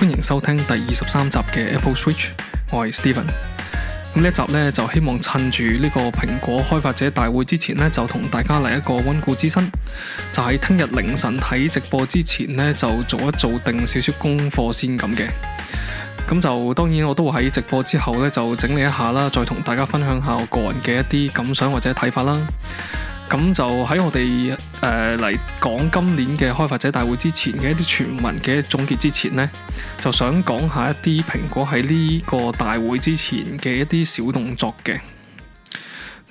歡迎收聽第二十三集嘅 Apple Switch，我係 Steven。咁呢一集呢就希望趁住呢個蘋果開發者大會之前呢，就同大家嚟一個溫故知新，就喺聽日凌晨睇直播之前呢，就做一做定少少功課先咁嘅。咁就當然我都會喺直播之後呢，就整理一下啦，再同大家分享下我個人嘅一啲感想或者睇法啦。咁就喺我哋誒嚟講今年嘅開發者大會之前嘅一啲傳聞嘅總結之前呢，就想講下一啲蘋果喺呢個大會之前嘅一啲小動作嘅。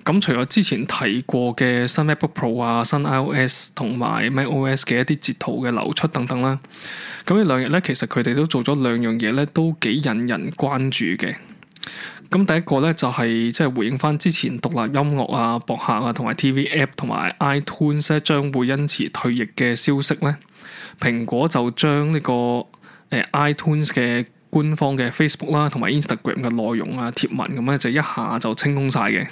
咁除咗之前提過嘅新 MacBook Pro 啊、新 iOS 同埋 macOS 嘅一啲截圖嘅流出等等啦，咁呢兩日呢，其實佢哋都做咗兩樣嘢呢，都幾引人關注嘅。咁第一個咧，就係即係回應翻之前獨立音樂啊、博客啊同埋 TV app 同埋 iTunes 將會因此退役嘅消息咧，蘋果就將呢、這個誒、呃、iTunes 嘅官方嘅 Facebook 啦同埋 Instagram 嘅內容啊貼文咁咧就一下就清空晒嘅。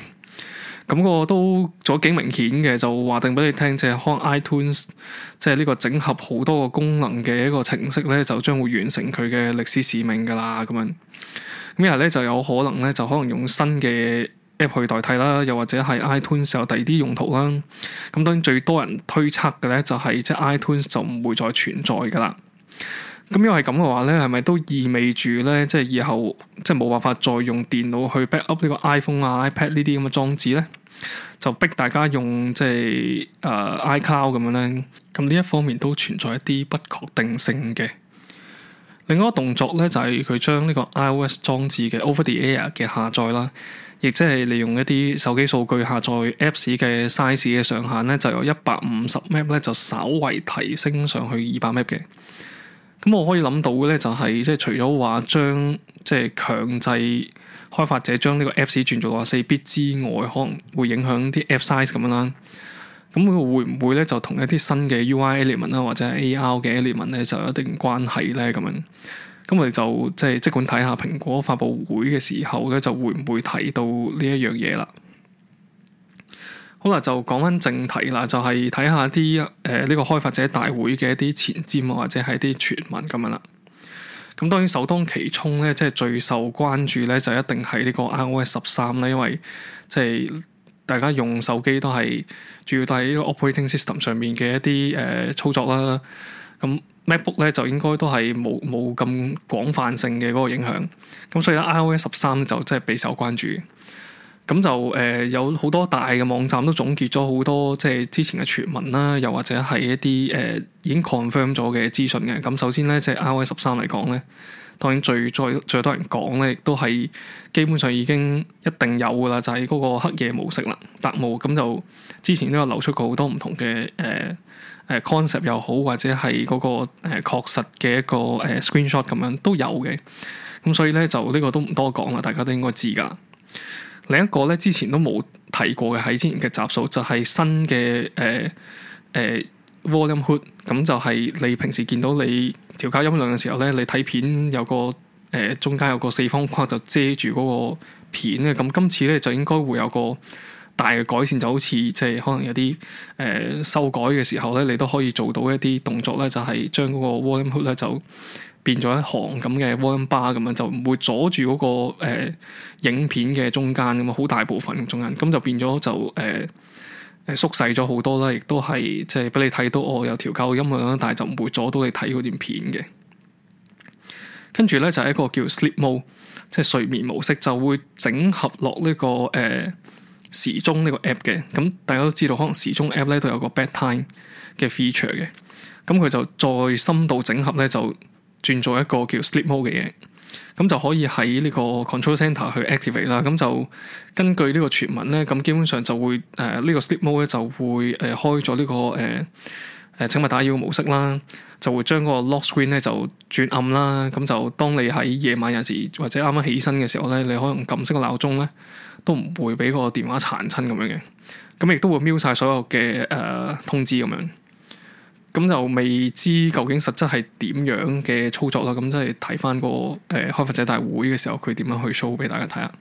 咁、這個都咗幾明顯嘅，就話定俾你聽，即、就、係、是、可能 iTunes 即係呢個整合好多個功能嘅一個程式咧，就將會完成佢嘅歷史使命㗎啦，咁樣。咁咩咧就有可能咧，就可能用新嘅 app 去代替啦，又或者係 iTunes 有第二啲用途啦。咁當然最多人推測嘅咧，就係即係 iTunes 就唔會再存在噶啦。咁因為咁嘅話咧，係咪都意味住咧，即係以後即係冇辦法再用電腦去 backup 呢個 iPhone 啊 iPad 呢啲咁嘅裝置咧，就逼大家用即係誒、呃、iCloud 咁樣咧。咁呢一方面都存在一啲不確定性嘅。另外一個動作咧就係佢將呢個 iOS 裝置嘅 Over the Air 嘅下載啦，亦即係利用一啲手機數據下載 Apps 嘅 size 嘅上限咧就由一百五十 MB 咧就稍微提升上去二百 MB 嘅。咁我可以諗到嘅咧就係、是、即係除咗話將即係強制開發者將呢個 Apps 轉做話四 B 之外，可能會影響啲 App size 咁樣啦。咁會會唔會咧就同一啲新嘅 UI element 啦，或者 AR 嘅 element 咧就有一定關係咧咁樣。咁我哋就即係即管睇下蘋果發布會嘅時候咧，就會唔會提到呢一樣嘢啦。好啦，就講翻正題啦，就係睇下啲誒呢個開發者大會嘅一啲前瞻呀，或者係一啲傳聞咁樣啦。咁當然首當其衝咧，即係最受關注咧就一定係呢個 iOS 十三啦，因為即係。大家用手機都係主要都係喺呢個 operating system 上面嘅一啲誒、呃、操作啦，咁 MacBook 咧就應該都係冇冇咁廣泛性嘅嗰個影響，咁所以咧 iOS 十三就真係備受關注。咁就誒、呃、有好多大嘅網站都總結咗好多即係之前嘅傳聞啦，又或者係一啲誒、呃、已經 confirm 咗嘅資訊嘅。咁首先咧，即係 R S 十三 iOS 13嚟講咧，當然最最最多人講咧，亦都係基本上已經一定有噶啦，就係、是、嗰個黑夜模式啦，特務。咁就之前都有流出過好多唔同嘅誒誒 concept 又好，或者係嗰個誒確實嘅一個誒、呃、screen shot 咁樣都有嘅。咁所以咧，就呢個都唔多講啦，大家都應該知噶。另一個咧，之前都冇提過嘅喺之前嘅集數，就係、是、新嘅誒誒 Volume HUD，咁就係你平時見到你調校音量嘅時候咧，你睇片有個誒、呃、中間有個四方框就遮住嗰個片咧，咁今次咧就應該會有個大嘅改善，就好似即係可能有啲誒、呃、修改嘅時候咧，你都可以做到一啲動作咧，就係將嗰個 Volume HUD 咧就。變咗一行咁嘅 volume bar 咁樣，就唔會阻住嗰個誒、呃、影片嘅中間咁啊，好大部分嘅中間，咁就變咗就誒誒縮細咗好多啦，亦都係即係俾你睇到哦，有調校嘅音量啦，但係就唔會阻到你睇嗰段片嘅。跟住咧就係、是、一個叫 sleep mode，即係睡眠模式，就會整合落呢、這個誒、呃、時鐘呢個 app 嘅。咁大家都知道，可能時鐘 app 咧都有個 Bedtime 嘅 feature 嘅，咁佢就再深度整合咧就。轉做一個叫 Sleep Mode 嘅嘢，咁就可以喺呢個 Control Center 去 activate 啦。咁就根據呢個傳聞咧，咁基本上就會誒呢、呃呢個 Sleep Mode 咧就會誒開咗呢、呢個誒誒請勿打擾模式啦，就會將個 Lock Screen 咧就轉暗啦。咁就當你喺夜晚有時或者啱啱起身嘅時候咧，你可能撳熄個鬧鐘咧，都唔會俾個電話殘親咁樣嘅。咁亦都會瞄晒所有嘅誒、呃、通知咁樣。咁就未知究竟實質係點樣嘅操作啦，咁即係睇翻個誒開發者大會嘅時候，佢點樣去 show 俾大家睇下。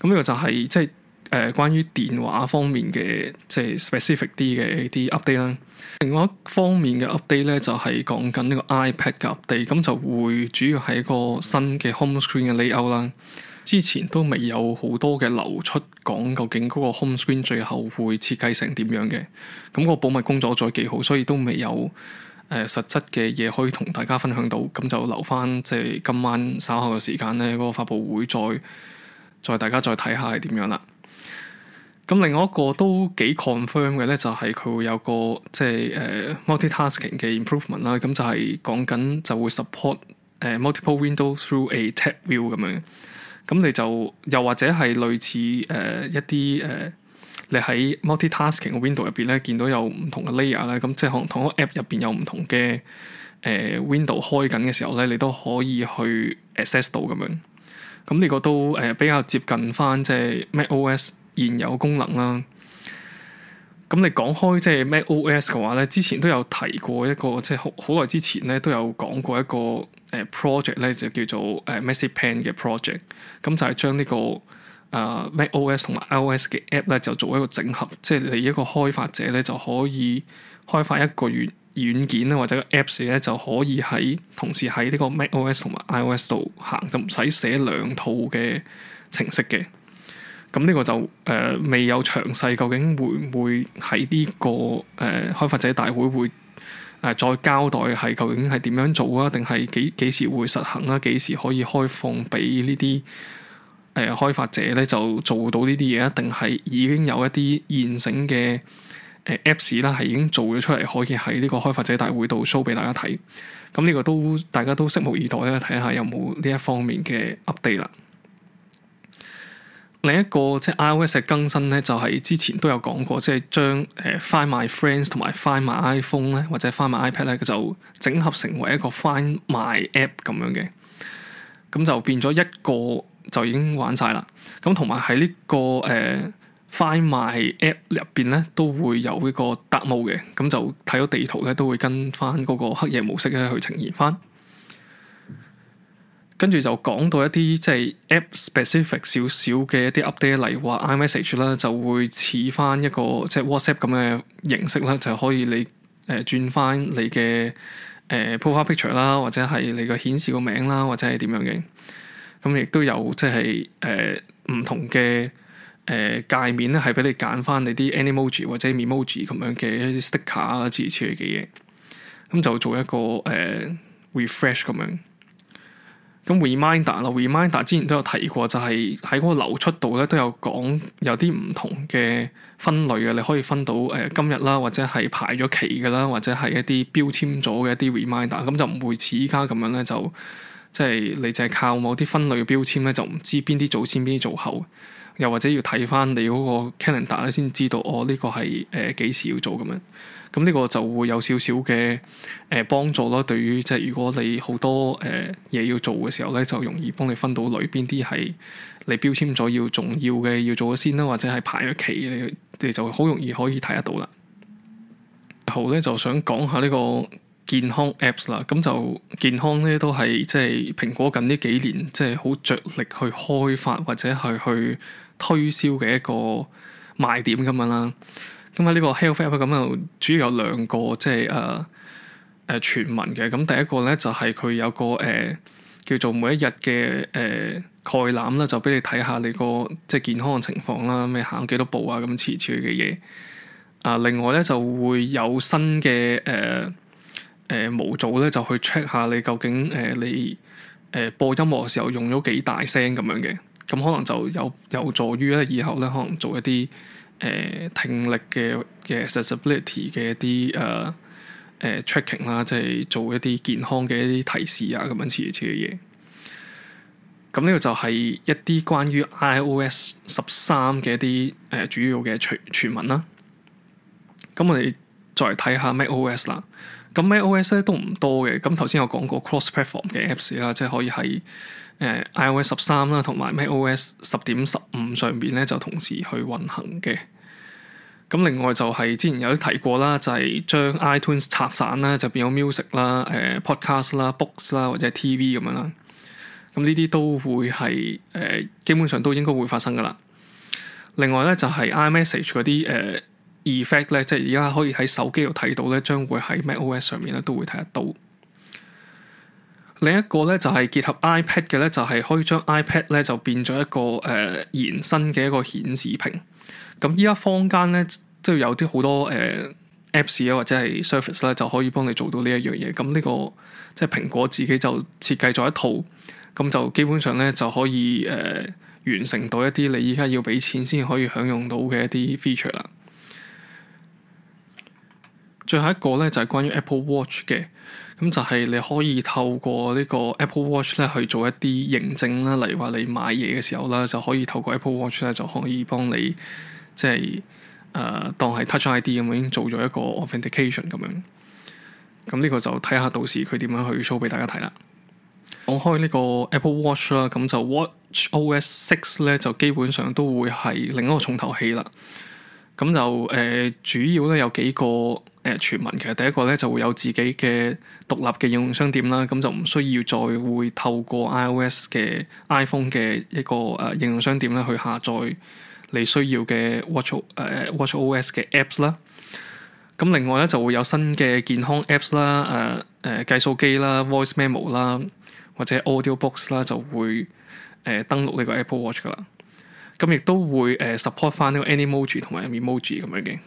咁呢個就係即係誒關於電話方面嘅即係 specific 啲嘅一啲 update 啦。另外一方面嘅 update 咧，就係講緊呢個 iPad 嘅 update，咁就會主要係一個新嘅 home screen 嘅 layout 啦。之前都未有好多嘅流出，講究竟嗰個 home screen 最後會設計成點樣嘅。咁個保密工作再幾好，所以都未有誒、呃、實質嘅嘢可以同大家分享到。咁就留翻即係今晚稍後嘅時間咧，嗰、嗰個發布會再再大家再睇下係點樣啦。咁另外一個都幾 confirm 嘅咧，就係佢會有個即係誒、呃、multitasking 嘅 improvement 啦。咁就係講緊就會 support 誒、呃、multiple windows through a tab view 咁樣。咁你就又或者係類似誒、呃、一啲誒、呃，你喺 multitasking 個 window 入邊咧見到有唔同嘅 layer 咧，咁即係可能同一個 app 入邊有唔同嘅誒、呃、window 開緊嘅時候咧，你都可以去 access 到咁樣。咁呢個都誒、呃、比較接近返即係 macOS 現有功能啦。咁你講開即係 MacOS 嘅話咧，之前都有提過一個即係好好耐之前咧都有講過一個誒、呃、project 咧，就叫做誒 Marzipan 嘅 project。咁就係將呢個誒 MacOS 同埋 iOS 嘅 app 咧，就做一個整合，即、就、係、是、你一個開發者咧就可以開發一個軟軟件咧，或者 apps 咧就可以喺同時喺呢個 MacOS 同埋 iOS 度行，就唔使寫兩套嘅程式嘅。咁呢個就誒、呃、未有詳細，究竟會唔會喺呢、呢個誒、呃、開發者大會會誒再交代係究竟係點樣做啊？定係幾幾時會實行啊？幾時可以開放俾呢啲誒開發者咧就做到呢啲嘢？定係已經有一啲現成嘅誒 Apps 啦，係已經做咗出嚟，可以喺呢個開發者大會度 show 俾大家睇。咁呢個都大家都拭目以待咧、啊，睇下有冇呢一方面嘅 update 啦。另一個即係 iOS 嘅更新咧，就係、是、之前都有講過，即係將誒 Find My Friends 同埋 Find My iPhone 咧，或者 Find My iPad 咧，佢就整合成為一個 Find My App 咁樣嘅，咁就變咗一個就已經玩晒啦。咁同埋喺呢個誒、呃、Find My App 入邊咧，都會有呢個特務嘅，咁就睇到地圖咧都會跟翻嗰個黑夜模式咧去呈現翻。跟住就講到一啲即係 app specific 少少嘅一啲 update，例如話 iMessage 啦，就會、是、似翻一個即係 WhatsApp 咁嘅形式啦，就可以你誒轉翻你嘅誒、呃、profile picture 啦，或者係、嗯就是呃呃、你嘅顯示個名啦，或者係點樣嘅。咁亦都有即係誒唔同嘅誒界面咧，係俾你揀翻你啲 Animoji 或者 Memoji 咁樣嘅一啲 sticker 啊，字詞嘅嘢。咁就做一個誒、呃、refresh 咁樣。咁 reminder 啦，reminder 之前都有提過，就係喺嗰個流出度咧都有講有啲唔同嘅分類嘅，你可以分到誒今日啦，或者係排咗期嘅啦，或者係一啲標籤咗嘅一啲 reminder。咁就唔會似依家咁樣咧，就即係、就是、你就係靠某啲分類嘅標籤咧，就唔知邊啲做先邊啲做後，又或者要睇翻你嗰個 calendar 咧先知道哦呢、呢個係誒幾時要做咁樣。咁呢個就會有少少嘅，誒幫助咯，對於即係如果你好多誒嘢、呃、要做嘅時候咧，就容易幫你分到裏邊啲係你標籤咗要重要嘅要做咗先啦，或者係排咗期，你你就好容易可以睇得到啦。後咧就想講下呢個健康 apps 啦，咁就健康咧都係即係蘋果近呢幾年即係好着力去開發或者係去推銷嘅一個賣點咁樣啦。咁喺呢個 Health App 咁又主要有兩個即係誒誒傳聞嘅，咁、呃呃、第一個咧就係、是、佢有個誒、呃、叫做每一日嘅誒概覽啦，就俾你睇下你個即係健康嘅情況啦，咩行幾多步啊，咁遲遲嘅嘢。啊、呃，另外咧就會有新嘅誒誒模組咧，就去 check 下你究竟誒、呃、你誒、呃、播音樂嘅時候用咗幾大聲咁樣嘅，咁可能就有有助於咧以後咧可能做一啲。誒、呃、聽力嘅嘅 accessibility 嘅一啲誒誒 tracking 啦、啊，即係做一啲健康嘅一啲提示啊，咁樣似似嘅嘢。咁呢個就係一啲關於 iOS 十三嘅一啲誒、呃、主要嘅傳傳聞啦。咁、嗯、我哋再睇下 macOS 啦。咁 macOS 咧都唔多嘅，咁頭先有講過 cross platform 嘅 apps 啦，app s, 即係可以喺、呃、iOS 十三啦，同埋 macOS 十點十五上邊咧就同時去運行嘅。咁另外就係、是、之前有啲提過啦，就係、是、將 iTunes 拆散啦，就變咗 music 啦、誒、呃、podcast 啦、books 啦或者 TV 咁樣啦。咁呢啲都會係誒、呃、基本上都應該會發生噶啦。另外咧就係、是、iMessage 嗰啲誒。effect 咧，即係而家可以喺手機度睇到咧，將會喺 macOS 上面咧都會睇得到。另一個咧就係、是、結合 iPad 嘅咧，就係、是、可以將 iPad 咧就變咗一個誒、呃、延伸嘅一個顯示屏。咁依家坊間咧都要有啲好多誒、呃、apps 啊，或者係 service 咧就可以幫你做到呢一樣嘢。咁呢、這個即係、就是、蘋果自己就設計咗一套，咁就基本上咧就可以誒、呃、完成到一啲你依家要俾錢先可以享用到嘅一啲 feature 啦。最後一個咧就係、是、關於 Apple Watch 嘅，咁就係你可以透過個呢個 Apple Watch 咧去做一啲認證啦，例如話你買嘢嘅時候啦，就可以透過 Apple Watch 咧就可以幫你即係誒、呃、當係 Touch ID 咁樣已經做咗一個 authentication 咁樣。咁呢個就睇下到時佢點樣去 show 俾大家睇啦。講開呢個 Apple Watch 啦，咁就 Watch OS Six 咧就基本上都會係另一個重頭戲啦。咁就誒、呃、主要咧有幾個。誒、全民其實第一個咧就會有自己嘅獨立嘅應用商店啦，咁就唔需要再會透過 iOS 嘅 iPhone 嘅一個誒、呃、應用商店咧去下載你需要嘅 Watch 誒、呃、WatchOS 嘅 Apps 啦。咁另外咧就會有新嘅健康 Apps 啦、誒、呃、誒、呃、計數機啦、Voice Memo 啦或者 Audio Box 啦就會誒、呃、登錄呢個 Apple Watch 噶啦。咁、嗯、亦都會誒 support 翻呢個 Any Emoji 同埋 Emoji m 咁 emo 樣嘅。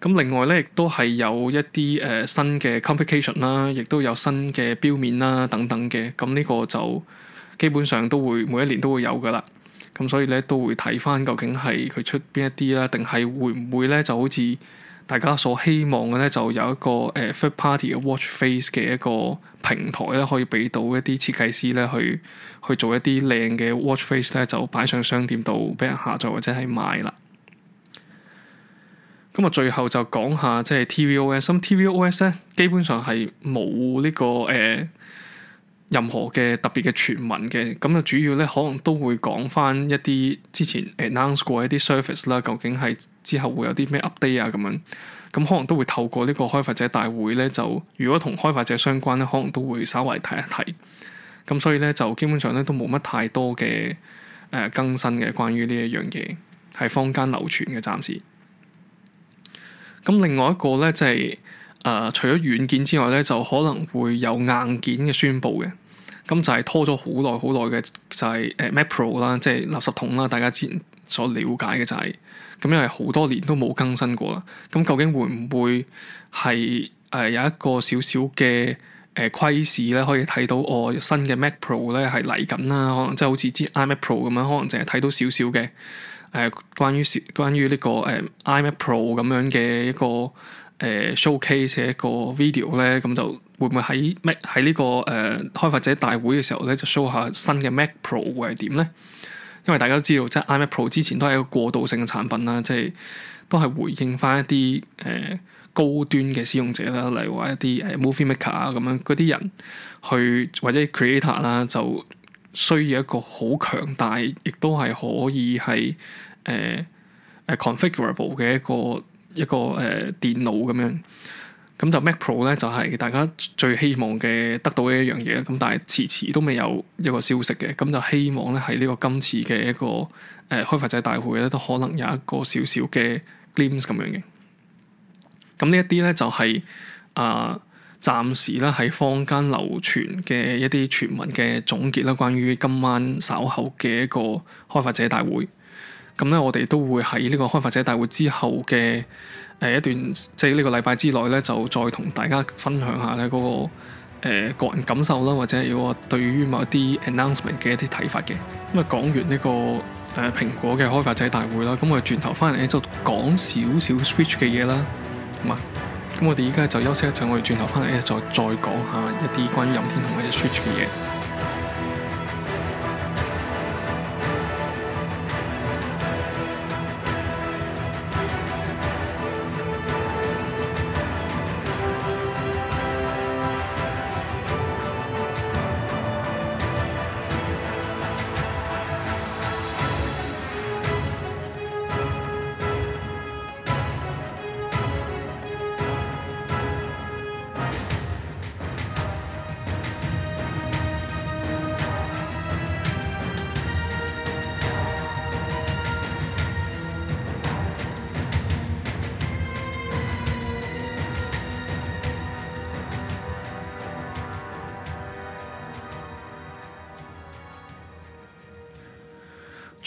咁另外咧，亦都係有一啲誒、呃、新嘅 complication 啦，亦都有新嘅錶面啦，等等嘅。咁呢個就基本上都會每一年都會有噶啦。咁所以咧，都會睇返究竟係佢出邊一啲啦，定係會唔會咧就好似大家所希望嘅咧，就有一個誒、呃、third party 嘅 watch face 嘅一個平台咧，可以俾到一啲設計師咧去去做一啲靚嘅 watch face 咧，就擺上商店度俾人下載或者係賣啦。咁啊，最後就講下即係 tvOS，咁 tvOS 咧，基本上係冇呢個誒、呃、任何嘅特別嘅傳聞嘅。咁啊，主要咧可能都會講翻一啲之前 announce 過一啲 service 啦，究竟係之後會有啲咩 update 啊咁樣。咁可能都會透過呢個開發者大會咧，就如果同開發者相關咧，可能都會稍微睇一睇。咁所以咧，就基本上咧都冇乜太多嘅誒、呃、更新嘅關於呢一樣嘢，係坊間流傳嘅暫時。咁另外一個咧就係、是、誒、呃、除咗軟件之外咧，就可能會有硬件嘅宣佈嘅。咁就係拖咗好耐好耐嘅，就、呃、係誒 Mac Pro 啦，即係垃圾桶啦。大家之前所了解嘅就係、是、咁，因為好多年都冇更新過啦。咁究竟會唔會係誒、呃、有一個少少嘅誒窺視咧，可以睇到我、哦、新嘅 Mac Pro 咧係嚟緊啦，可能即係好似支 iMac Pro 咁樣，可能淨係睇到少少嘅誒、呃，關於小關於呢、這個誒、呃、iMac Pro 咁樣嘅一個誒、呃、showcase 嘅一個 video 咧，咁就會唔會喺 Mac 喺呢個誒、呃、開發者大會嘅時候咧，就 show 下新嘅 Mac Pro 會係點咧？因為大家都知道，即係 iMac Pro 之前都係一個過渡性嘅產品啦，即係都係回應翻一啲誒。呃高端嘅使用者啦，例如話一啲誒 Movie Maker 啊咁樣啲人去，去或者 Creator 啦，就需要一個好強大，亦都係可以係誒誒、呃啊、configurable 嘅一個一個誒、呃、電腦咁樣，咁就 Mac Pro 咧，就係、係、大家最希望嘅得到嘅一樣嘢啦。咁但係遲遲都未有一個消息嘅，咁就希望咧喺呢個今次嘅一個誒、呃、開發者大會咧，都可能有一個少少嘅 Glimpse 咁樣嘅。咁呢、就是呃、一啲咧，就係啊，暫時咧喺坊間流傳嘅一啲傳聞嘅總結啦。關於今晚稍後嘅一個開發者大會，咁、嗯、咧我哋都會喺呢個開發者大會之後嘅誒、呃、一段，即係呢個禮拜之內咧，就再同大家分享下咧、那、嗰個誒、呃、個人感受啦，或者係如、嗯這個呃、果對於某啲 announcement 嘅一啲睇法嘅咁啊。講完呢個誒蘋果嘅開發者大會啦，咁、嗯、我哋轉頭翻嚟就講少少 Switch 嘅嘢啦。咁啊，咁、嗯、我哋而家就休息一陣，我哋轉頭翻嚟一陣再再講下一啲關於任天堂嗰啲 Switch 嘅嘢。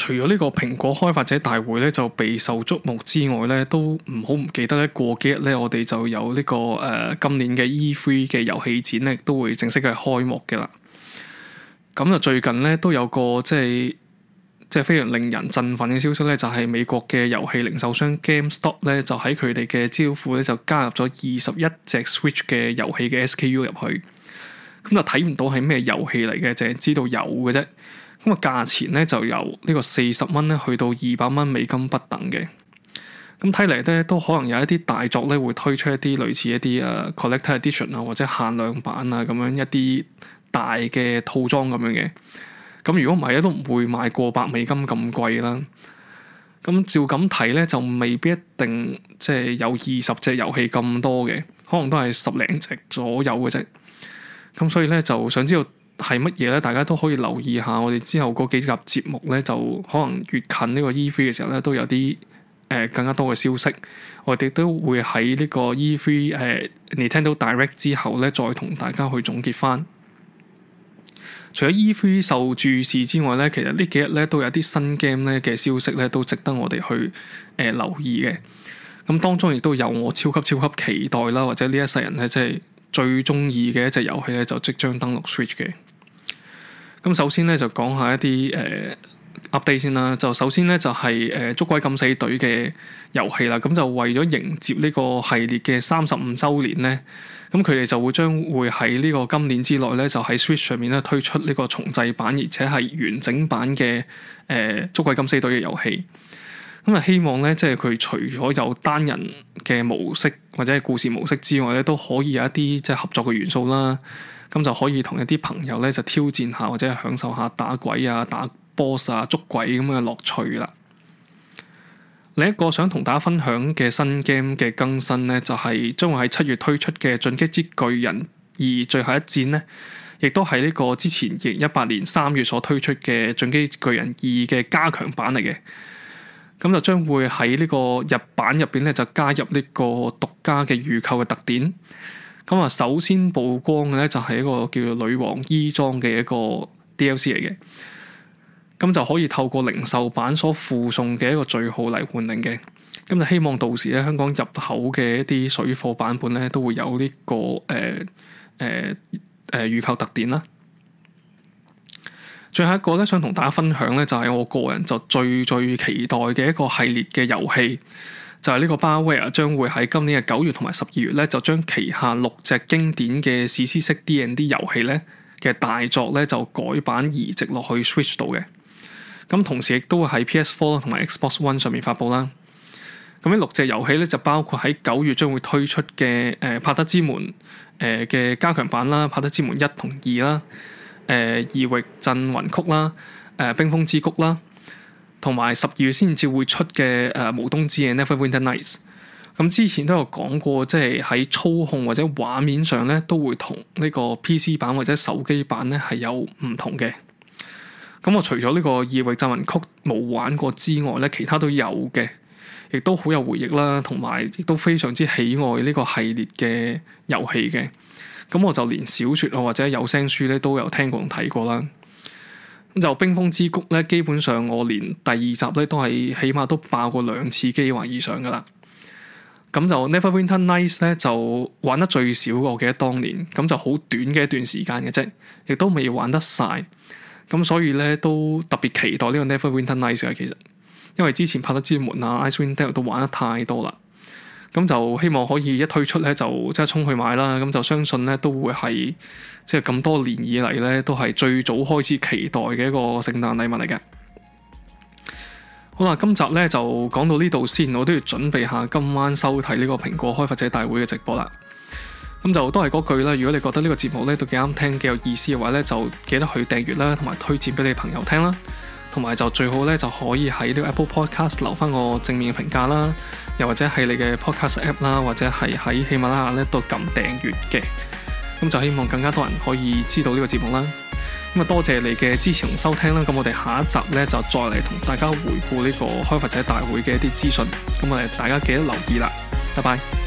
除咗呢個蘋果開發者大會咧就備受矚目之外咧，都唔好唔記得咧，過幾日咧我哋就有呢、這個誒、呃、今年嘅 E3 嘅遊戲展咧，都會正式嘅開幕嘅啦。咁啊最近咧都有個即係即係非常令人振奮嘅消息咧，就係、是、美國嘅遊戲零售商 GameStop 咧就喺佢哋嘅招庫咧就加入咗二十一隻 Switch 嘅遊戲嘅 SKU 入去，咁就睇唔到係咩遊戲嚟嘅，淨係知道有嘅啫。咁啊，價錢咧就由呢個四十蚊咧去到二百蚊美金不等嘅。咁睇嚟咧，都可能有一啲大作咧會推出一啲類似一啲啊、呃、Collector Edition 啊或者限量版啊咁樣一啲大嘅套裝咁樣嘅。咁如果唔係咧，都唔會賣過百美金咁貴啦。咁照咁睇咧，就未必一定即係、就是、有二十隻遊戲咁多嘅，可能都係十零隻左右嘅啫。咁所以咧，就想知道，係乜嘢咧？大家都可以留意下。我哋之後嗰幾集節目咧，就可能越近呢個 E3 嘅時候咧，都有啲誒、呃、更加多嘅消息。我哋都會喺呢個 E3 誒，你聽到 Direct 之後咧，再同大家去總結翻。除咗 E3 受注視之外咧，其實呢幾日咧都有一啲新 game 咧嘅消息咧，都值得我哋去誒、呃、留意嘅。咁當中亦都有我超級超級期待啦，或者呢一世人咧，即、就、係、是、最中意嘅一隻遊戲咧，就即將登陸 Switch 嘅。咁首先咧就講下一啲誒 update 先啦。就首先咧就係誒《捉鬼敢死隊》嘅遊戲啦。咁就為咗迎接呢個系列嘅三十五周年咧，咁佢哋就會將會喺呢個今年之內咧，就喺 Switch 上面咧推出呢個重製版，而且係完整版嘅誒《捉鬼敢死隊》嘅遊戲。咁啊，希望咧即係佢除咗有單人嘅模式或者係故事模式之外咧，都可以有一啲即係合作嘅元素啦。咁就可以同一啲朋友咧，就挑戰下或者享受下打鬼啊、打 boss 啊、捉鬼咁嘅樂趣啦。另一個想同大家分享嘅新 game 嘅更新呢，就係將會喺七月推出嘅《進擊之巨人二最後一戰》呢，亦都係呢個之前二零一八年三月所推出嘅《進擊巨人二》嘅加強版嚟嘅。咁就將會喺呢個日版入邊呢，就加入呢個獨家嘅預購嘅特點。咁啊，首先曝光嘅咧就係一個叫做女王衣裝嘅一個 DLC 嚟嘅，咁就可以透過零售版所附送嘅一個序號嚟換領嘅，咁就希望到時咧香港入口嘅一啲水貨版本咧都會有呢、這個誒誒誒預購特典啦。最後一個咧，想同大家分享咧，就係我個人就最最期待嘅一個系列嘅遊戲。就係呢個巴威 r 將會喺今年嘅九月同埋十二月咧，就將旗下六隻經典嘅史詩式 D N D 遊戲咧嘅大作咧，就改版移植落去 Switch 度嘅。咁同時亦都會喺 P S Four 同埋 Xbox One 上面發布啦。咁呢六隻遊戲咧就包括喺九月將會推出嘅誒、呃《帕德之門》誒、呃、嘅加強版啦，《帕德之門一》同二啦，誒、呃《異域鎮魂曲》啦，誒、呃《冰封之谷》啦。同埋十二月先至會出嘅誒無冬之夜 Neverwinter Nights，咁之前都有講過，即係喺操控或者畫面上咧都會同呢個 PC 版或者手機版咧係有唔同嘅。咁我除咗呢個《異域鎮魂曲》冇玩過之外咧，其他都有嘅，亦都好有回憶啦，同埋亦都非常之喜愛呢個系列嘅遊戲嘅。咁我就連小説啊或者有聲書咧都有聽過同睇過啦。咁就冰封之谷咧，基本上我連第二集咧都係起碼都爆過兩次機或以上噶啦。咁就 Neverwinter Nights 咧就玩得最少，我記得當年咁就好短嘅一段時間嘅啫，亦都未玩得晒。咁所以咧都特別期待呢個 Neverwinter Nights 啊，其實因為之前拍得之門啊、Icewind Dale 都玩得太多啦。咁就希望可以一推出咧就即刻衝去買啦，咁就相信咧都會係即係咁多年以嚟咧都係最早開始期待嘅一個聖誕禮物嚟嘅。好啦，今集咧就講到呢度先，我都要準備下今晚收睇呢個蘋果開發者大會嘅直播啦。咁就都係嗰句啦，如果你覺得呢個節目咧都幾啱聽、幾有意思嘅話咧，就記得去訂閱啦，同埋推薦俾你朋友聽啦。同埋就最好咧，就可以喺呢個 Apple Podcast 留翻個正面嘅評價啦，又或者係你嘅 Podcast app 啦，或者係喺喜馬拉雅咧都撳訂閱嘅。咁就希望更加多人可以知道呢個節目啦。咁啊，多謝你嘅支持同收聽啦。咁我哋下一集咧就再嚟同大家回顧呢個開發者大會嘅一啲資訊。咁我哋大家記得留意啦。拜拜。